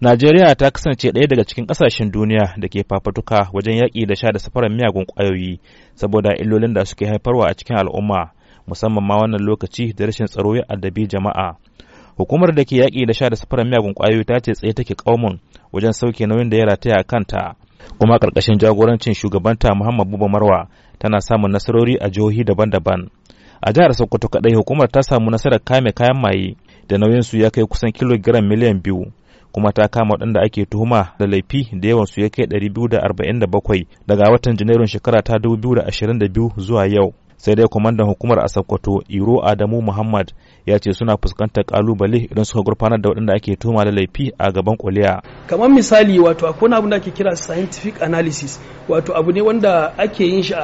Najeriya ta kasance ɗaya daga cikin ƙasashen duniya da ke fafatuka wajen yaƙi da sha da safarar miyagun ƙwayoyi saboda illolin da suke haifarwa a cikin al'umma musamman ma wannan lokaci da rashin tsaro ya addabi jama'a. Hukumar da ke yaƙi da sha da safarar miyagun ƙwayoyi ta ce tsaye take ƙaumun wajen sauke nauyin da ya rataya a kanta. Kuma ƙarƙashin jagorancin shugabanta Muhammad Buba Marwa tana samun nasarori a jihohi daban-daban. A jihar Sokoto kaɗai hukumar ta samu nasarar kame kayan maye da nauyinsu ya kai kusan kilogiram miliyan biyu kuma ta kama waɗanda ake tuhuma da laifi da yawan su ya kai 247 daga watan janairun shekara ta 2022 zuwa yau sai dai kwamandan hukumar a iro adamu muhammad ya ce suna fuskantar kalubale idan suka gurfanar da waɗanda ake tuhuma da laifi a gaban kuliya kamar misali wato akwai abin da ake kira scientific analysis wato abu ne wanda ake yin shi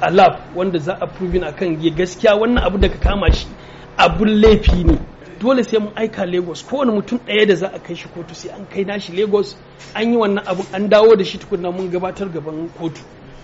a lab wanda za a proving akan gaskiya wannan abu da ka kama shi abun laifi ne dole sai mun aika lagos kowane mutum ɗaya da za a kai shi kotu sai an kai nashi lagos an yi wannan abun an dawo da shi tukunna mun gabatar gaban kotu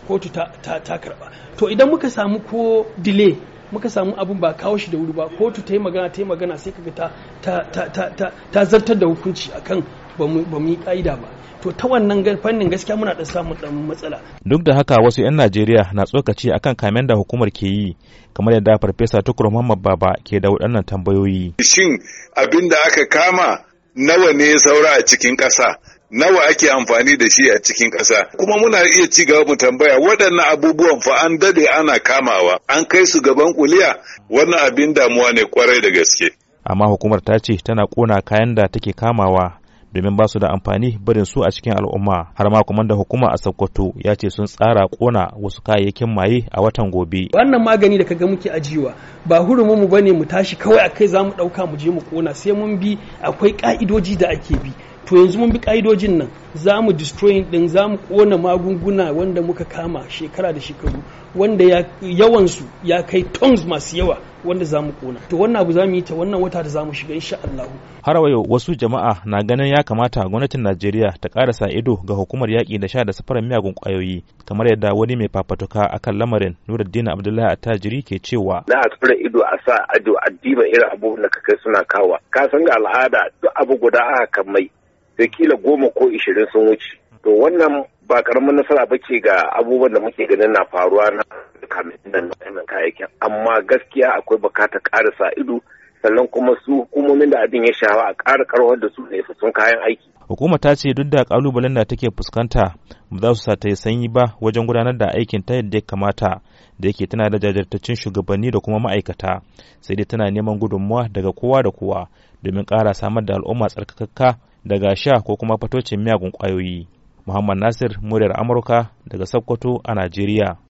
kotu ta, ta, karba to idan muka samu ko delay muka samu abun ba kawo shi da wuri ba kotu ta yi magana ta yi magana sai kaga ta, ta, ta, ta zartar da hukunci akan ba mu yi ka'ida ba to ta wannan fannin gaskiya muna da samun dan matsala duk da haka wasu 'yan najeriya na tsokaci akan kamen da hukumar ke yi kamar yadda farfesa tukur muhammad baba ke da waɗannan tambayoyi shin abin da aka kama nawa ne saura a cikin ƙasa nawa ake amfani da shi a cikin ƙasa kuma muna iya ci gaba mu tambaya waɗannan abubuwan fa an dade ana kamawa an kai su gaban kuliya wannan abin damuwa ne kwarai da gaske amma hukumar ta ce tana kona kayan da take kamawa domin ba su da amfani barin su a cikin al'umma har ma kuma da hukuma a Sokoto ya ce sun tsara kona wasu kayayyakin maye a watan gobe wannan magani da ka ga muke ajiwa ba hurumin mu bane mu tashi kawai akai za mu dauka mu je mu kona sai mun bi akwai ka'idoji da ake bi to yanzu mun bi ka'idojin nan za mu destroy din za mu kona magunguna wanda muka kama shekara da shekaru wanda yawansu ya kai tons masu yawa wanda za mu kona to wannan abu za mu yi ta wannan wata da za mu shiga insha Allah har wayo wasu jama'a na ganin ya kamata gwamnatin Najeriya ta karasa ido ga hukumar yaƙi da sha da safarar miyagun ƙwayoyi kamar yadda wani mai fafatuka akan lamarin Nuruddin Abdullahi Attajiri ke cewa na a ido a sa ado addiba irin abubuwan da kai suna kawa ka san ga al'ada duk abu guda aka mai da kila goma ko ishirin sun wuce to wannan ba karamin nasara ba ce ga abubuwan da muke ganin na faruwa na kamin nan kayayyakin amma gaskiya akwai bukatar sa ido sannan kuma su hukumomin da abin ya shawa a ƙara karwar da su ne sun kayan aiki. Hukumar ta ce duk da kalubalen da take fuskanta ba za su sa ta yi sanyi ba wajen gudanar da aikin ta yadda ya kamata da yake tana da jajirtaccen shugabanni da kuma ma'aikata sai dai tana neman gudunmuwa daga kowa da kowa domin ƙara samar da al'umma tsarkakakka daga sha ko kuma fatocin miyagun ƙwayoyi. Muhammad Nasir, muryar Amurka daga Sokoto a Najeriya.